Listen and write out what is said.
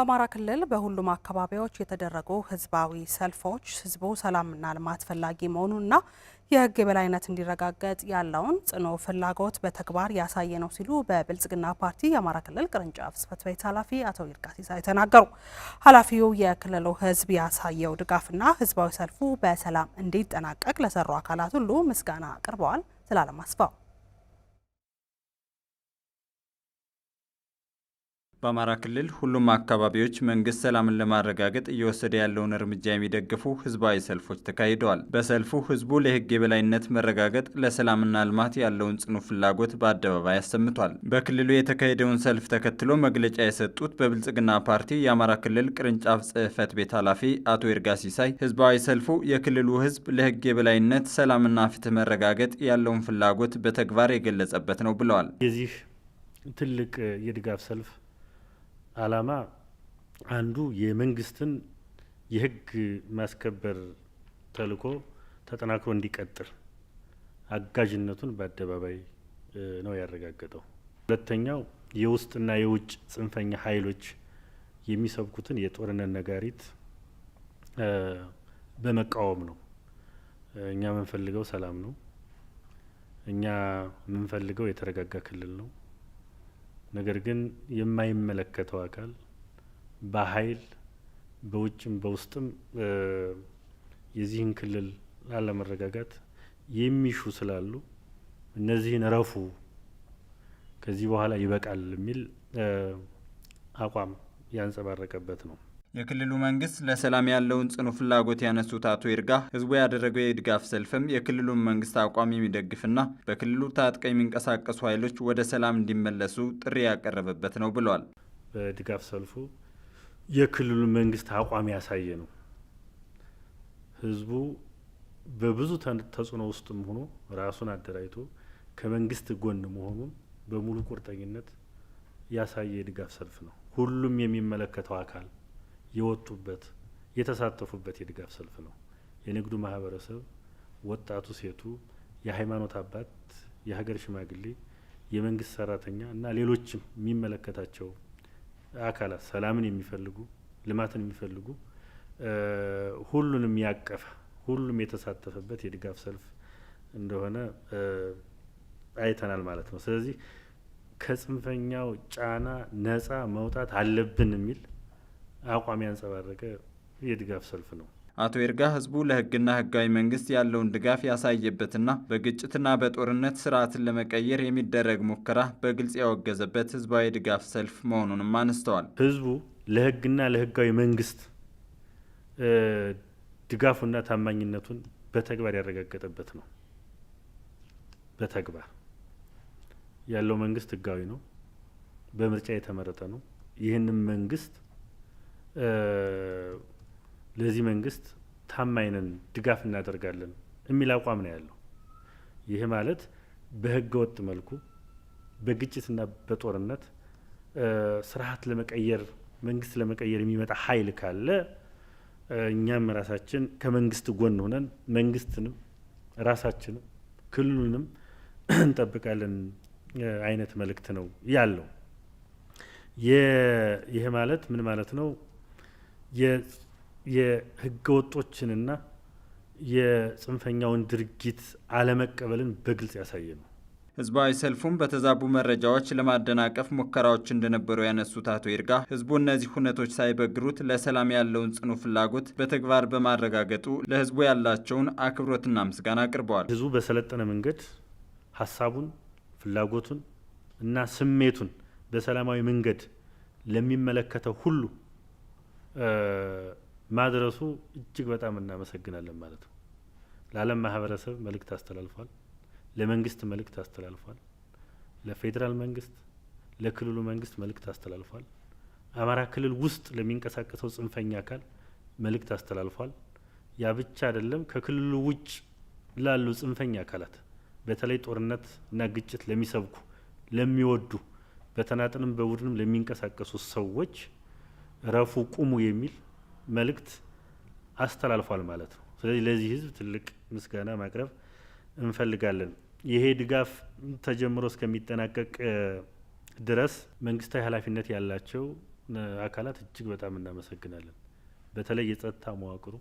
በአማራ ክልል በሁሉም አካባቢዎች የተደረጉ ህዝባዊ ሰልፎች ህዝቡ ሰላምና ልማት ፈላጊ መሆኑንና የህግ የበላይነት እንዲረጋገጥ ያለውን ጽኑ ፍላጎት በተግባር ያሳየ ነው ሲሉ በብልጽግና ፓርቲ የአማራ ክልል ቅርንጫፍ ጽፈት ቤት ኃላፊ አቶ ይርጋ ሲሳይ ተናገሩ። ኃላፊው የክልሉ ህዝብ ያሳየው ድጋፍና ህዝባዊ ሰልፉ በሰላም እንዲጠናቀቅ ለሰሩ አካላት ሁሉ ምስጋና አቅርበዋል። ስላለማስፋው በአማራ ክልል ሁሉም አካባቢዎች መንግስት ሰላምን ለማረጋገጥ እየወሰደ ያለውን እርምጃ የሚደግፉ ህዝባዊ ሰልፎች ተካሂደዋል። በሰልፉ ህዝቡ ለህግ የበላይነት መረጋገጥ፣ ለሰላምና ልማት ያለውን ጽኑ ፍላጎት በአደባባይ አሰምቷል። በክልሉ የተካሄደውን ሰልፍ ተከትሎ መግለጫ የሰጡት በብልጽግና ፓርቲ የአማራ ክልል ቅርንጫፍ ጽህፈት ቤት ኃላፊ አቶ ይርጋ ሲሳይ ህዝባዊ ሰልፉ የክልሉ ህዝብ ለህግ የበላይነት፣ ሰላምና ፍትህ መረጋገጥ ያለውን ፍላጎት በተግባር የገለጸበት ነው ብለዋል። የዚህ ትልቅ የድጋፍ ሰልፍ አላማ አንዱ የመንግስትን የህግ ማስከበር ተልእኮ ተጠናክሮ እንዲቀጥል አጋዥነቱን በአደባባይ ነው ያረጋገጠው። ሁለተኛው የውስጥና የውጭ ጽንፈኛ ኃይሎች የሚሰብኩትን የጦርነት ነጋሪት በመቃወም ነው። እኛ የምንፈልገው ሰላም ነው። እኛ የምንፈልገው የተረጋጋ ክልል ነው። ነገር ግን የማይመለከተው አካል በኃይል በውጭም በውስጥም የዚህን ክልል አለመረጋጋት የሚሹ ስላሉ እነዚህን ረፉ ከዚህ በኋላ ይበቃል የሚል አቋም ያንጸባረቀበት ነው። የክልሉ መንግስት ለሰላም ያለውን ጽኑ ፍላጎት ያነሱት አቶ ይርጋ ህዝቡ ያደረገው የድጋፍ ሰልፍም የክልሉን መንግስት አቋም የሚደግፍና በክልሉ ታጥቀ የሚንቀሳቀሱ ኃይሎች ወደ ሰላም እንዲመለሱ ጥሪ ያቀረበበት ነው ብለዋል። በድጋፍ ሰልፉ የክልሉ መንግስት አቋም ያሳየ ነው። ህዝቡ በብዙ ተጽዕኖ ውስጥም ሆኖ ራሱን አደራጅቶ ከመንግስት ጎን መሆኑን በሙሉ ቁርጠኝነት ያሳየ የድጋፍ ሰልፍ ነው። ሁሉም የሚመለከተው አካል የወጡበት የተሳተፉበት የድጋፍ ሰልፍ ነው። የንግዱ ማህበረሰብ፣ ወጣቱ፣ ሴቱ፣ የሃይማኖት አባት፣ የሀገር ሽማግሌ፣ የመንግስት ሰራተኛ እና ሌሎችም የሚመለከታቸው አካላት ሰላምን የሚፈልጉ ልማትን የሚፈልጉ ሁሉንም ያቀፈ ሁሉም የተሳተፈበት የድጋፍ ሰልፍ እንደሆነ አይተናል ማለት ነው። ስለዚህ ከጽንፈኛው ጫና ነጻ መውጣት አለብን የሚል አቋም ያንጸባረቀ የድጋፍ ሰልፍ ነው። አቶ ይርጋ ህዝቡ ለህግና ህጋዊ መንግስት ያለውን ድጋፍ ያሳየበትና በግጭትና በጦርነት ስርዓትን ለመቀየር የሚደረግ ሙከራ በግልጽ ያወገዘበት ህዝባዊ ድጋፍ ሰልፍ መሆኑንም አነስተዋል። ህዝቡ ለህግና ለህጋዊ መንግስት ድጋፉና ታማኝነቱን በተግባር ያረጋገጠበት ነው። በተግባር ያለው መንግስት ህጋዊ ነው፣ በምርጫ የተመረጠ ነው። ይህንም መንግስት ለዚህ መንግስት ታማኝነን ድጋፍ እናደርጋለን የሚል አቋም ነው ያለው። ይህ ማለት በህገ ወጥ መልኩ በግጭትና በጦርነት ስርዓት ለመቀየር መንግስት ለመቀየር የሚመጣ ሀይል ካለ እኛም ራሳችን ከመንግስት ጎን ሆነን መንግስትንም ራሳችንም ክልሉንም እንጠብቃለን አይነት መልእክት ነው ያለው። ይህ ማለት ምን ማለት ነው? የህገወጦችንና የጽንፈኛውን ድርጊት አለመቀበልን በግልጽ ያሳየ ነው። ህዝባዊ ሰልፉም በተዛቡ መረጃዎች ለማደናቀፍ ሙከራዎች እንደነበሩ ያነሱት አቶ ይርጋ ህዝቡ እነዚህ ሁነቶች ሳይበግሩት ለሰላም ያለውን ጽኑ ፍላጎት በተግባር በማረጋገጡ ለህዝቡ ያላቸውን አክብሮትና ምስጋና አቅርበዋል። ህዝቡ በሰለጠነ መንገድ ሀሳቡን፣ ፍላጎቱን እና ስሜቱን በሰላማዊ መንገድ ለሚመለከተው ሁሉ ማድረሱ እጅግ በጣም እናመሰግናለን ማለት ነው። ለዓለም ማህበረሰብ መልእክት አስተላልፏል። ለመንግስት መልእክት አስተላልፏል። ለፌዴራል መንግስት፣ ለክልሉ መንግስት መልእክት አስተላልፏል። አማራ ክልል ውስጥ ለሚንቀሳቀሰው ጽንፈኛ አካል መልእክት አስተላልፏል። ያ ብቻ አይደለም። ከክልሉ ውጭ ላሉ ጽንፈኛ አካላት በተለይ ጦርነት እና ግጭት ለሚሰብኩ፣ ለሚወዱ፣ በተናጥንም በቡድንም ለሚንቀሳቀሱ ሰዎች ረፉ ቁሙ የሚል መልእክት አስተላልፏል ማለት ነው። ስለዚህ ለዚህ ህዝብ ትልቅ ምስጋና ማቅረብ እንፈልጋለን። ይሄ ድጋፍ ተጀምሮ እስከሚጠናቀቅ ድረስ መንግስታዊ ኃላፊነት ያላቸው አካላት እጅግ በጣም እናመሰግናለን። በተለይ የጸጥታ መዋቅሩ